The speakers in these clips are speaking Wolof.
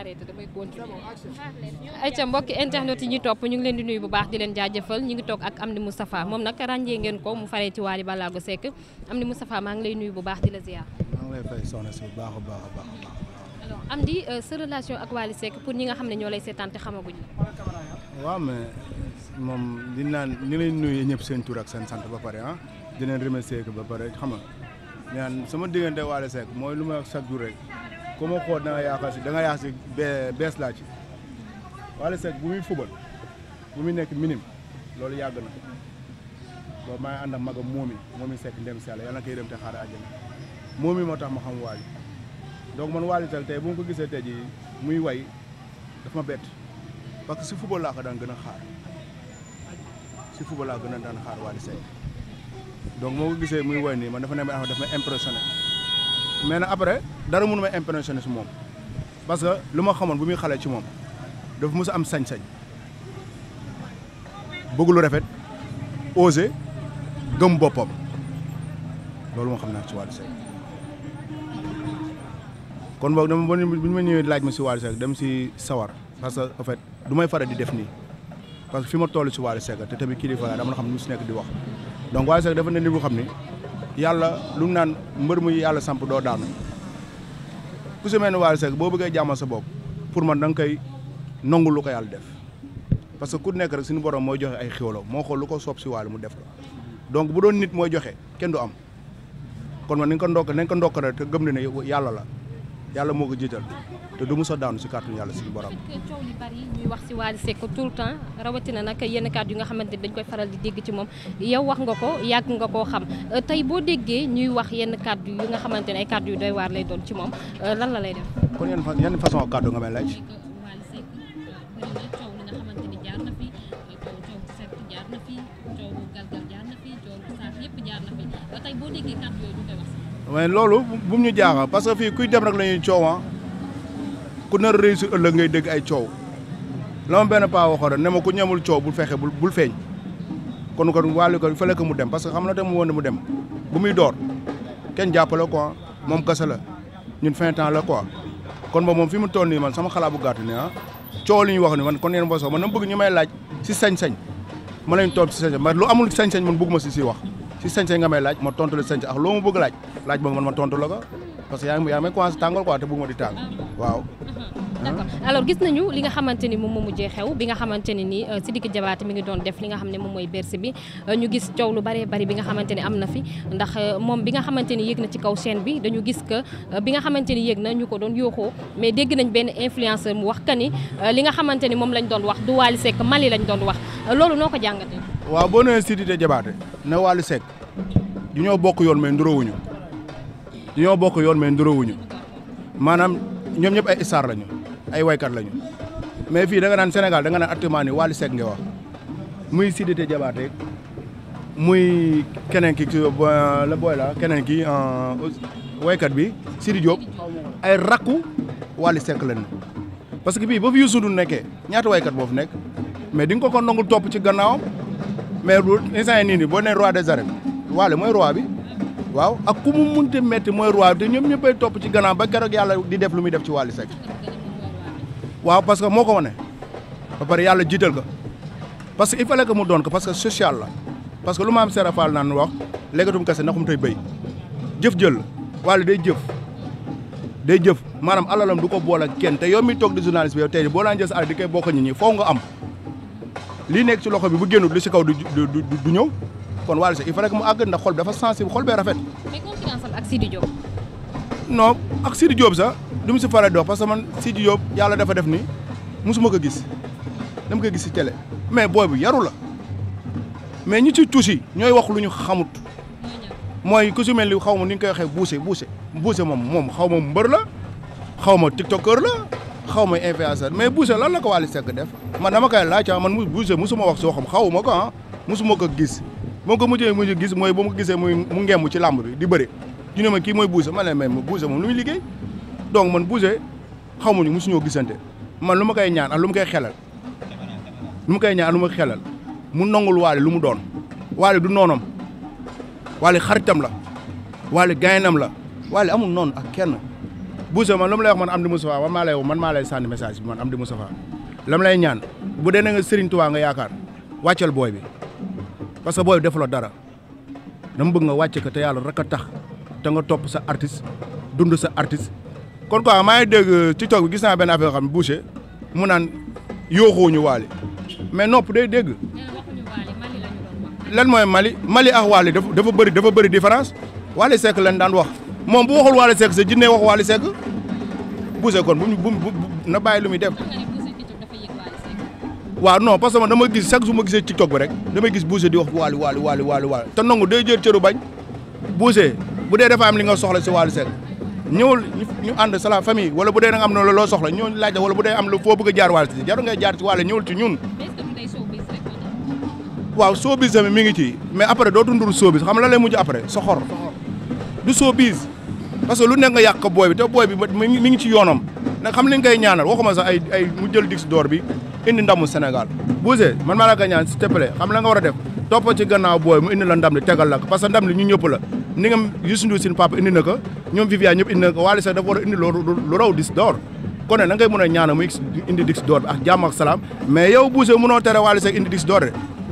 arrêté damay continuer ayca mbokki internet yi ñuy topp ñu ngi leen di nuyu bu baax di leen jaajafal ñu ngi toog ak Amdy Moustapha moom nag ràññee ngeen ko mu faree ci Wally Ballago Seck Amdy Moustapha maa ngi lay nuyu bu baax di la ziar. maa ngi lay fay baax a baax a euh, sa relation ak Wally sekk pour ñi nga xam ne ñoo lay seetaan te xamaguñ la. Ah. waaw mais moom di naan ni lay nuyu ñëpp seen tur ak seen sant ba pare ah di leen remercier ba pare xam nga suma sama diggante Wally Seck mooy lu ma wax chaque rek ku ma xool da nga yaakaar si da nga yaakaar si bees laa ci Wally Seck bu muy fubal bu muy nekk minime loolu yàgg na boobu maa ngi ànd ak magam moomi moomi Seck ndem si yàlla yàlla na koy dem te xaar àjjana moomi moo tax ma xam Wally donc man Wally tal tey bu ko gisee tey jii muy way dafa ma bett parce si football laa ko daan gën a xaar si football laa gën a daan xaar Wally Seck donc moo ko gisee muy way nii man dafa ne ma ah, dafa ma mais nag après dara mënu ma impressionné si moom parce que lu ma xamoon bu muy xale ci moom dafa mu sa am sañ-sañ bëgg rafet osé gëm boppam loolu moo xam naa ci Wally Seck kon boog dama bu ñu ma ñëwee laaj ma si Wally Seck dem si sawar parce que en fait du may faral di def nii parce que fi ma toll si Wally Seck te tamit kilifa dama xam ne mu si nekk di wax donc Wally Seck dafa ne ni bu xam ni yàlla lu mu naan mbër mu yàlla samp doo daanu ku semee mel ne Wally Seck boo bëggee jàmmal sa bopp pour man da nga koy nangu lu ko yàlla def parce que ku nekk rek suñu borom mooy joxe ay xéwalo moo xool lu ko soob si Wally mu def ko donc bu doon nit mooy joxe kenn du am kon man nañ ko ndokk nañ ko ndokk rek te gëm na ne yàlla la yàlla moo ko jiital te du mos a daanu si kàttanu yàlla si borom. coow ñuy wax si Wally Seck tout le temps rawatina nag yenn kàddu yi nga xamante ni dañ koy faral di dégg ci moom yow wax nga ko yàgg nga koo xam euh, tey boo déggee ñuy wax yenn kàddu yu nga xamante ne ay kàddu yu doy waar lay doon ci moom euh, lan la lay def. kon yan façon kàddu nga may laaj. mais loolu bu mu ñu jaaxal parce que fii ku dem rek la ñuy coow ah. ku nar réussir ëllëg ngay dégg ay coow la ma benn paa waxoon ne ma ku ñamul coow bu fexe bul feeñ kon kon wàllu ko fële ko mu dem parce que xam na te mu woon mu dem bu muy door kenn jàppale ko moom kese la ñun fin temps la quoi kon ba moom fi mu tol nii man sama xalaat bu gàtt ne ah coow li ñuy wax ni man kon yéen boso man na bëgg ñu may laaj si sañ-sañ ma lañ toog si sañ-sañ lu amul sañ-sañ man bëgguma si si wax si sañ-sañ nga may laaj ma tontu la sañ-sañ ak laaj laaj boobu man ma ko parce que yaa ngi yaa may commencé tàngool quoi te waaw d'accord alors gis nañu li nga xamante ni moom moo mujjee xew bi nga xamante ne nii euh, dikk Diabaté mi ngi doon def li nga xam ne moom mooy berse bi euh, ñu gis coow lu bëree bëri bi nga xamante ne am na fi ndax euh, moom bi nga xamante ni yéeg na ci kaw chaîne bi dañu gis que bi nga xamante ni yéeg na ñu ko doon yooxoo mais dégg nañ benn influenceur mu wax que ni li nga xamante ni moom lañ doon wax du Wally Seck Mali lañ doon wax loolu noo ko jàngatee. waaw boo nee Sidiki de ne Wally Seck du ñoo bokk yoon mais nduroowuñu du ñoo bokk yoon mais nduroowuñu maanaam ñoom ñëpp ay star lañu ay waykat lañu mais fii danga naan Sénégal da nga naan actuellement ni Wally Seck nga wax muy Sidité Diabaté muy keneen ki la booy la keneen ki euh, waykat bi Sidi Diop ay rakku Wally Seck la parce que bii ba fi Youssou Ndour nekkee ñaata waykat boo fi nekk mais di nga ko ko nangul topp ci gannaawam mais instant yii nii boo ne roi des arènes Wally mooy roi bi waaw ak ku mu munti metti mooy roi te ñoom ñëppay topp ci gannaaw ba keroog yàlla di def lu muy def ci Wally Seck waaw parce que moo ko wane ba pare yàlla jiital ko parce que il fa que mu doon ko parce que social la parce que lu ma am Serap Fall naan wax léegatum kese naxum tey béy jëf jël wala day jëf day jëf maanaam alalam du ko boole ak kenn te yow mi toog di journaliste bi tey boo daan jël sa alal di koy bokk nit ñi foo nga am lii nekk ci loxo bi bu génnul li si kaw du du ñëw kon wala il fallait que mu àgg ndax xol bi dafa sensible xol bee rafet. mais confiance am ak non ak Sidi Diop sax du mu si faral dox parce que man Sidi Diop yàlla dafa def ni musuma ko gis dama ko gis si télé mais booy bu yaru la mais ñi ci tuuti ñooy wax lu ñu xamut mooy ku si ni xaw ma ni ñu koy waxee buuse buuse buuse moom moom xaw ma mbër la xaw ma tiktokeur la xaw ma influenceur mais buuse lan la ko Wally Seck def man dama koy laaj ah, man mu buuse musuma wax soo xam xaw ma ko ah musuma ko gis moom ko mujjee mujj gis mooy ba mu gisee muy mu ngeem ci làmb bi di bëri. ñu ma kii mooy Boucher ma ne mais Boucher moom lu muy liggéey donc man xaw Boucher xamuñu mosuñoo gisante man lu ma koy ñaan a lu ma koy xelal lu ma koy ñaan ak lu ma koy xelal mu nangul Wally lu mu doon Wally du noonam Wally xaritam la Wally gaynam la Wally amul noon ak kenn Boucher man lu ma lay wax man Amdy Moustapha man maa lay man maa lay sànni message bi man Amdy Moustapha lam lay ñaan bu dee na nga Serigne Touba nga yaakaar wàccal booy bi parce que booy bi defaloo dara dama bëgg nga ko te yàlla rek a tax te nga topp sa artiste dund sa artiste kon quoi maa ngi dégg euh, TikTok bi gis naa benn affaire xam ne Boucher mu naan yooxooñu waali mais nopp day dégg lan mooy Mali Mali ak waali dafa dafa bëri dafa bëri di différence Wally Seck lan daan wax moom bu waxul Wally Seck sa jinnee wax Wally Seck Boucher kon bu bu na bàyyi lu muy def waaw non parce que dama gis chaque jour ma gisee TikTok bi rek damay gis Boucher di wax waali waali waali waali waali te nangu day jël cëru bañ Boucher bu dee dafa am li nga soxla si wàllu seet ñëwul ñu ànd sa la famille wala bu dee da nga am na loo soxla ñëw laaj la wala bu dee am lu foo bëgg a jaar wàll si jaru ngay jaar si wàll ñëwul ñun waaw showbiz tamit mi ngi ci mais après doo dundur showbiz xam la lay mujj après soxor du showbiz parce que lu nekk nga yàq booy bi te booy bi mi ngi ci yoonam nag xam li ngay ñaanal waxuma sax ay ay mu jël Dix d'or bi indi ndamu senegal Boucher man maa la koy ñaan s'il te plaît war a def topp ci gannaaw booy mu indi la ndam li tegal la parce que ndam li ñu ñëpp la ni nga Youssou Ndour indi na ko ñoom Viviane ñëpp indi na ko Wally Seck dafa war a indi loolu lu kon nag na ngay mën a ñaanal mu indi disque bi ak jàmm ak salaam mais yow Boucher mënoo tere Wally Seck indi disque d'or de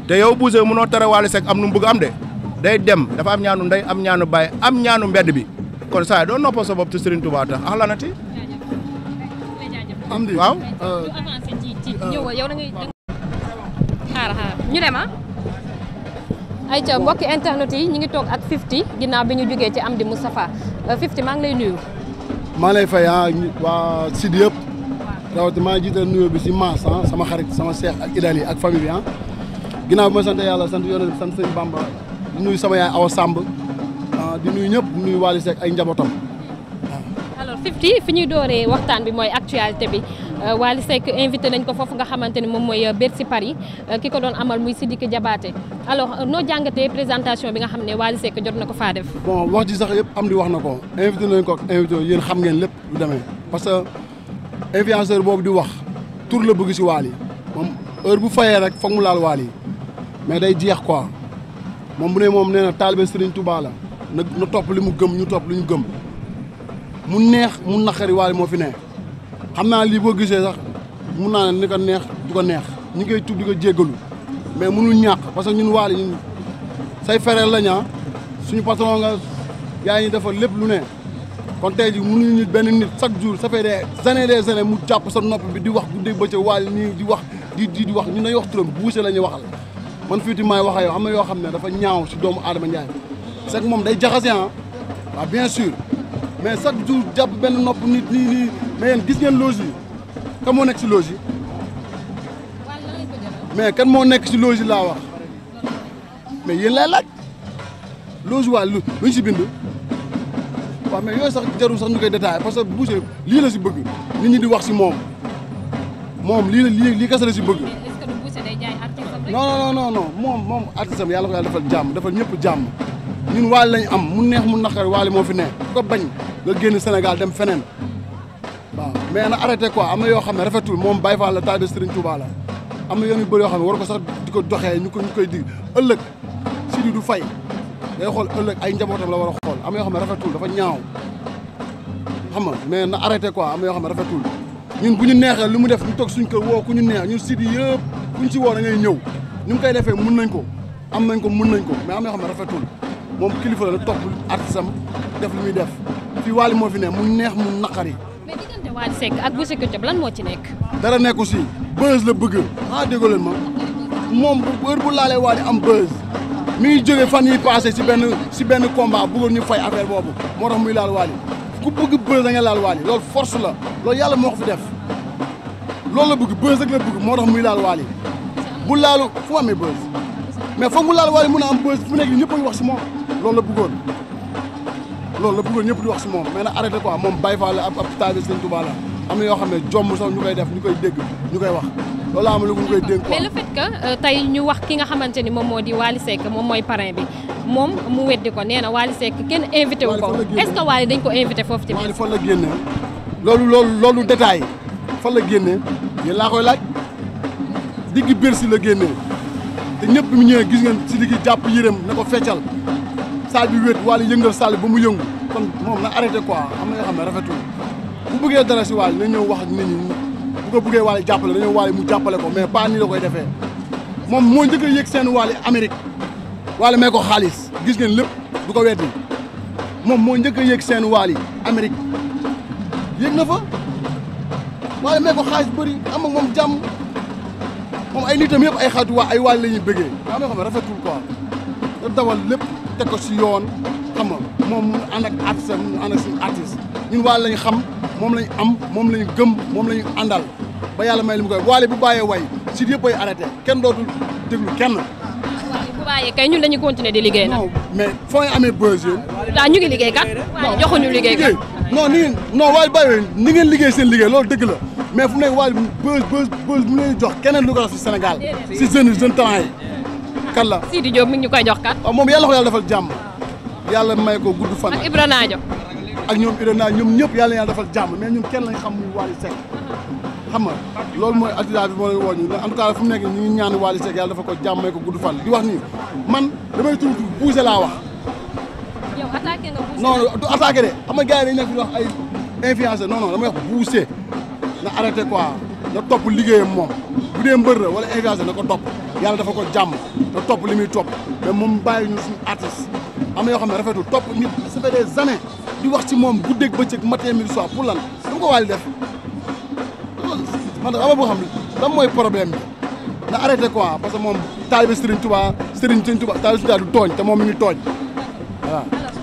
te yow Boucher mënoo tere Wally Seck am nu mu am de day dem dafa am ñaanu ndey am ñaanu baay am ñaanu mbedd bi kon saa doo noppal sa bopp te Serigne Touba tax ah lanati am waaw. Euh, ay ayca mbokki internet yi ñu ngi toog ak Fifty ginnaaw bi ñu jógee ci am Amdy Moustapha euh, Fifty maa ngi lay nuyu. maa lay fay ah, waa Sud yëpp rawatina maa ngi bi si Mass ah, sama xarit sama seex ak Idali ak famille bi ah. ginnaaw bi ma sant sant Yonent bi sant sëñ sama yaay Awa Samb nuyu ñëpp di nuyu Wally Seck njabootam. alors fi ñuy dooree waxtaan bi mooy actualité bi. Euh, Wally Seck invité nañ ko foofu nga xamante ni moom mooy si euh, Paris euh, ki ko doon amal muy Sidiki jabaate alors noo jàngatee présentation bi nga xam ne Wally Seck jot na ko faa def. bon wax ji sax yëpp am di wax na ko invité nañ ko ak invité yéen xam ngeen lépp lu demee parce que influenceur boobu di wax tur la bëgg si Wally moom heure bu fayee rek foog mu laal Wally mais day jeex quoi moom bu ne moom nee na taalibe Serigne Touba la na na topp li mu gëm ñu topp li ñu gëm mu neex mu naqari Wally moo fi ne. xam naa lii boo gisee sax mun naa ne ni ko neex du ko neex ñi koy tudd di ko jéggalu mais mënul ñàkk parce que ñun waali ñun say fereel la ñaa ah. suñu patron nga yaa ngi defar lépp lu ne kon tey ji mënuñu nit benn nit chaque jour ça fait des années des mu jàpp sa nopp bi di wax guddi bëccëg waali nii di wax di di di wax ñu dañuy wax turam buuse la ñuy waxal man fii ti maay wax ak yow am na yoo xam ne dafa ñaaw si doomu Adama Ndiaye c'est moom day jaxase ah waaw bien sûr mais chaque jour benn nopp nit nii mais yéen gis ngeen loge yi kan moo nekk si loge mais kan moo nekk si loge yi laa wax mais yéen lay laaj loge waa lu luñ si bind waaw mais yooyu sax jarul sax ñu koy détaillé parce que Boucher lii la si bëgg nit ñi di wax si moom moom lii la lii lii kese la si bëgg. non non non moom moom artiste am yàlla ko yàlla defal jàmm defal ñëpp jàmm ñun waali lañ am mu neex mu naqar waali moo fi ne ko bañ nga génn Sénégal dem feneen mais na arrêté quoi am na yoo xam ne rafetul moom Baye Fall la taalibe Serigne Touba la am na yoon yu bëri yoo xam war ko sax di ko joxee ñu ko ñu koy di ëllëg Sidi du fay day xool ëllëg ay njabootam la war a xool am yoo xam ne rafetul dafa ñaaw xam nga mais na arrêté quoi am yoo xam ne ñu ñun bu ñu neexee lu mu def ñu toog suñ kër woo ku ñu neex ñun Sidi yëpp ku ñu si woo da ngay ñëw ñu ngi koy defee mun nañ ko am nañ ko mun nañ ko mais am na yoo xam ne rafetul moom kilifa la topp artisam def lu muy def fii Wally moo fi ne mu neex mu naqari Wally Seck ak Boucher lan moo ci nekk. dara nekku si buzz la bëgg ah déggoo leen ma moom bu heure bu laalee Wally am buzz mi ngi jógee fan yi passé si benn si benn combat bëggoon ñu fay affaire boobu moo tax muy laal Wally ku bëgg buzz da nga laal Wally loolu force la loolu yàlla moo ko fi def loolu la bëgg buzz rek la bëgg moo tax muy laal Wally bu laalu fu amee buzz mais foog mu laal Wally mun a am buzz fu nekk ñëpp a wax si moom loolu la bëggoon. loolu la bëggoon ñëpp di wax si moom mais na arrêté quoi moom Baye yoo xam ne jomm sax ñu koy def ñu koy dégg ñu koy wax loolu am lu ñu koy le euh, tey ñu wax ki nga xamante ni moom moo di Wally Seck moom mooy parrain bi moom mu weddi ko nee na Wally Seck kenn invité wu ko dañ ko invité foofu tamit Wally fan la génnee loolu loolu loolu détail fan la génnee yéen laa koy laaj diggi Bercy la génnee te ñëpp mu ñëwee gis ngeen si diggi jàpp yërëm na ko feccal saal bi wéet wala yëngal saal ba mu yëngu kon moom na arrêté ko am na yoo xam ne ku bu bëggee dara si waale na ñëw wax ak nit ñi bu ko bëggee waale jàppale dañoo waale mu jàppale ko mais pas nii la koy defee moom moo njëkk a yëg seen waale Amérique waale may ko xaalis gis ngeen lépp du ko weddi moom moo njëkk a yëg seen waale Amérique yëg na fa waale may ko xaalis bëri am ak moom jàmm moom ay nitam yëpp ay xaatu waa ay waale la ñuy bëggee daa may xam ne rafetul dawal lépp teg ko si yoon xam moom mu ànd ak artiste mu ànd ak suñu artiste ñun waale lañ xam moom lañ am moom lañ gëm moom lañ àndal ba yàlla may li mu koy waale bu bàyyee way si yëpp ay arrêté kenn dootul déglu kenn. waaye kay ñun dañuy continuer di liggéey nag. non mais foo ñu amee buzz ñu ngi liggéey kat. waaye joxuñu liggéey kat non ni ngeen non waaye bàyyi ni ngeen liggéey seen liggéey loolu dëgg la mais fu mu nekk waaye buzz buzz buzz mu leen jox keneen lu ko si Sénégal si jeune jeune talent kan la. Sidi Diop a ngi ñu koy jox kan. waaw moom yàlla ko yàlla defal jàmm. yàlla may ko gudd fan. ak Ibra Naajo. ak ñoom Ibra Naajo ñoom ñëpp yàlla yàlla defal jàmm mais ñun kenn lañ xam muy Wally Seck xam nga loolu mooy attitude bi moo leen wooñu en tout cas fu mu nekk ñu ngi ñaan Wally Seck yàlla dafa ko jàmm may ko gudd fan di wax nii man damay tudd buuse laa wax. yow attaqué nga buuse non du attaqué de xam nga gars yi dañu nekk wax ay influenceur non non damay wax buuse na arrêté quoi na topp liggéeyam moom bu dee mbër la wala engagé na ko topp yàlla dafa ko jàmm te topp li muy topp mais moom bàyyi ñu suñu artiste am na yoo xam ne rafetul topp nit ça fait des années di wax si moom guddeeg bëccëg matin midi soir pour lan dama ko waali def man dama boo xam ne lan mooy problème bi na arrêté quoi parce que moom taalibe Serigne Touba Serigne Serigne Touba taalibe Serigne Touba du tooñ te moom mi ngi tooñ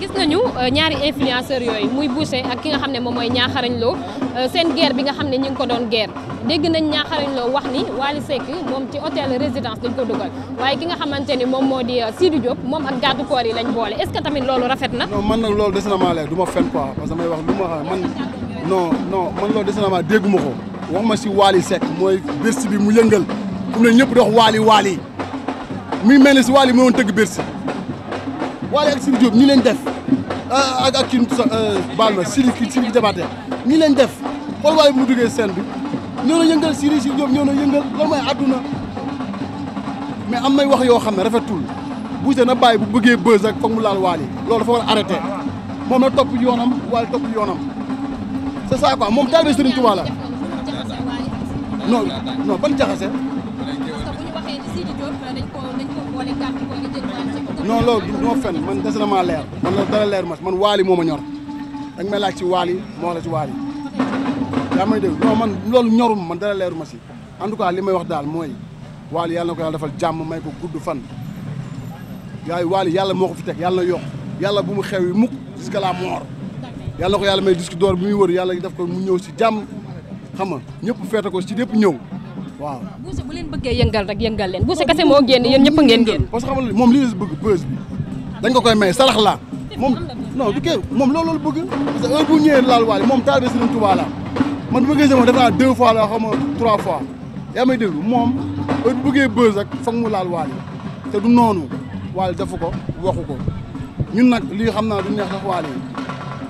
gis nañu euh, ñaari influenceur yooyu muy Boucher ak ki nga xam ne moom mooy ñaaxarañ loo euh, seen guerre bi nga xam ne ñu ngi ko doon guerre dégg nañ ñaaxarañ loo wax ni Wally Seck moom ci hôtel résidence dañ ko waaye ki nga xamante ni moom moo di euh, Sidou Diop moom ak gàddu koor yi lañ boole est ce que tamit loolu rafet na. non man nag loolu des na maa leer du ma fen quoi parce que may wax ma xam man non non man loolu des na maa dégguma ko wax ma si Wally Seck mooy Bercy bi mu yëngal fu mu ne ñëpp dox Wally Wally muy mel ni si Wally moo doon tëgg Waly ak Sidi Diop ñi leen def euh, ak ak kii euh, baal ma Sidi kii Sidi Diabaté ñi leen def xool waaye bu mu duggee scène bi ñoo na yëngal Sidi Sidi Diop ñoo na yëngal loolu mooy àdduna mais am nay wax yoo xam ne rafetul Boucher na bàyyi bu bëggee buzz ak foog mu laal Waly loolu dafa war moom na topp yoonam Waly topp yoonam c'est ça moom taalibe Serigne Touba la non non ban jaxase. parce que bu ñu waxee ni Sidi Diop dañ ko dañ ko boole kàpp ko non loolu du fen man des na maa man loolu dara leer ma man waali moo ma ñor danga laaj ci waali moo la ci waali yaa may dégg man loolu ñorum man leeru ma si en tout cas li may wax daal mooy waali yàlla ko defal jàmm may ko gudd fan yaayu waali yàlla moo ko fi teg yàlla na yokk yàlla bu mu xew yi mukk jusqu'à la mort yàlla ko yàlla may disque d'or bi muy wër yàlla def ko mu ñëw si jàmm xam nga ñëpp feete ko si ñëpp ñëw waaw Boucher bu leen bëggee yëngal rek yëngal leen Boucher kese moo génn yéen ñëpp ngeen génn parce que xam nga moom li bëgg bës bi dañ ko koy may sarax la moom non du kee moom loolu loolu bëgg parce que bu ñëwee laal waale moom taal bi Serigne Touba la man bu ma moom def naa deux fois la xaw ma trois fois yaa may dégg moom heure bu bëggee bës rek foog mu laal waale te du noonu waale defu ko waxu ko ñun nag lii xam naa du neex sax waale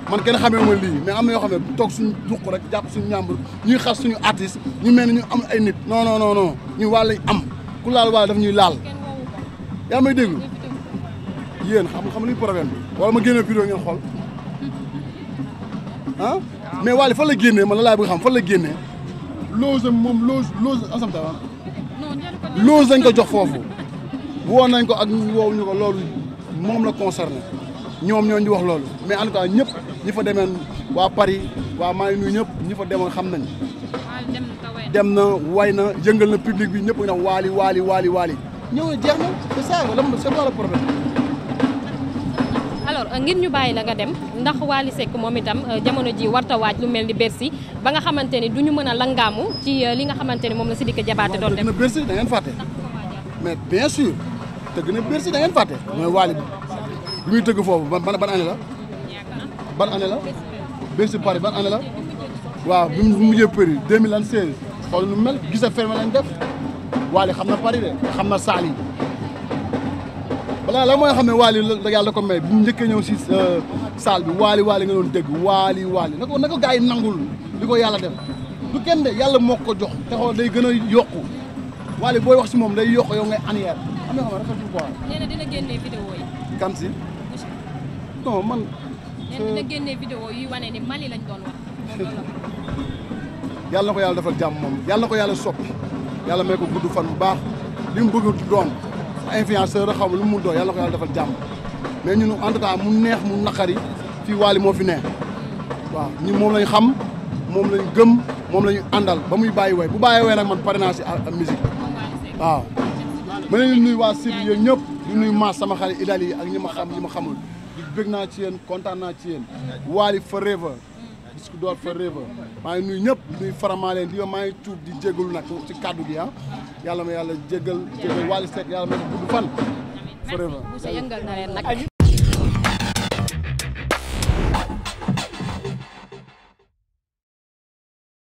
man kenn xamee ma lii mais am na yoo xam ne toog suñu duq rek jàpp suñu ñàmbur ñuy xas suñu artiste ñu mel ni ñu am ay nit non non non non ñu wàll lañ am ku laal wàll daf ñuy laal yaa may déglu yéen xam xam luy problème bi wala ma génne vidéo ngeen xool ah mais Wally fan la génnee man la laay bëgg xam fan la génnee loose moom loose loose asamtaa loose dañ ko jox foofu woo nañ ko ak woowu ñu ko loolu moom la concerné ñoom ñoo ñu wax loolu mais en tout cas ñëpp ñi fa demeen waa Paris waa maa ngi nuyu ñëpp ñi fa demoon xam nañ dem na way na yëngal na public bi ñëpp ngi nag waali waali waali waali ñëw jeex na c'est ça wala c'est quoi le problème alors euh, ngir ñu bàyyi la nga dem ndax Wally Seck moom itam euh, jamono ji warta waaj lu mel ni Bercy ba nga xamante ni du ñu mën a langaamu ci euh, li nga xamante ni moom la si Diabaté doon def Bercy da ngeen fàtte mais bien sûr a Bercy da ngeen fàtte mooy Wally bi muy tëgg foofu ba ban année ban année la Bercy Paris ban année la waaw bi mu mujjee Paris 2016 xool nu mel gis a ferme lañ def Wally xam na Paris de xam na saal yi balaa la mooy xam ne Wally la yàlla ko may bu mu njëkkee ñëw si euh, saal bi Wally Wally nga doon dégg Wally Wally na ko na yi nangul li ko yàlla def du kenn de yàlla moo ko jox te xool day gën a yokku Wally booy wax si moom day yokk yow ngay anière am si. non man. nee euh, na génne vidéo ko yàlla defal jàmm moom yàlla na ko yàlla soppi yàlla may ko gudd fan bu baax li mu bëgg doon influenceur xaw ma lu mu doon yàlla na ko yàlla defal jàmm mais ñun en tout cas mu neex mu naqari fii Wally moo fi neex waaw ñun moom lañ xam moom lañ gëm moom lañu àndal ba muy bàyyi woy bu bàyyi woy nag man pare naa si musique waaw ma ne ñu nuyu waa Sib yéen ñëpp ñu nuyu Mass sama xarit Idali ak ñi ma xam ñi ma xamul bëgg naa ci yéen kontaan naa ci yéen Wally forever Disque d'Or forever maa ngi nuyu ñëpp nuyu faramaa leen di maa ngi tuub di jégalu nag ci kàddu gi ah yàlla ma yàlla jégal jégal Wally Seck yàlla ma gudd fan forever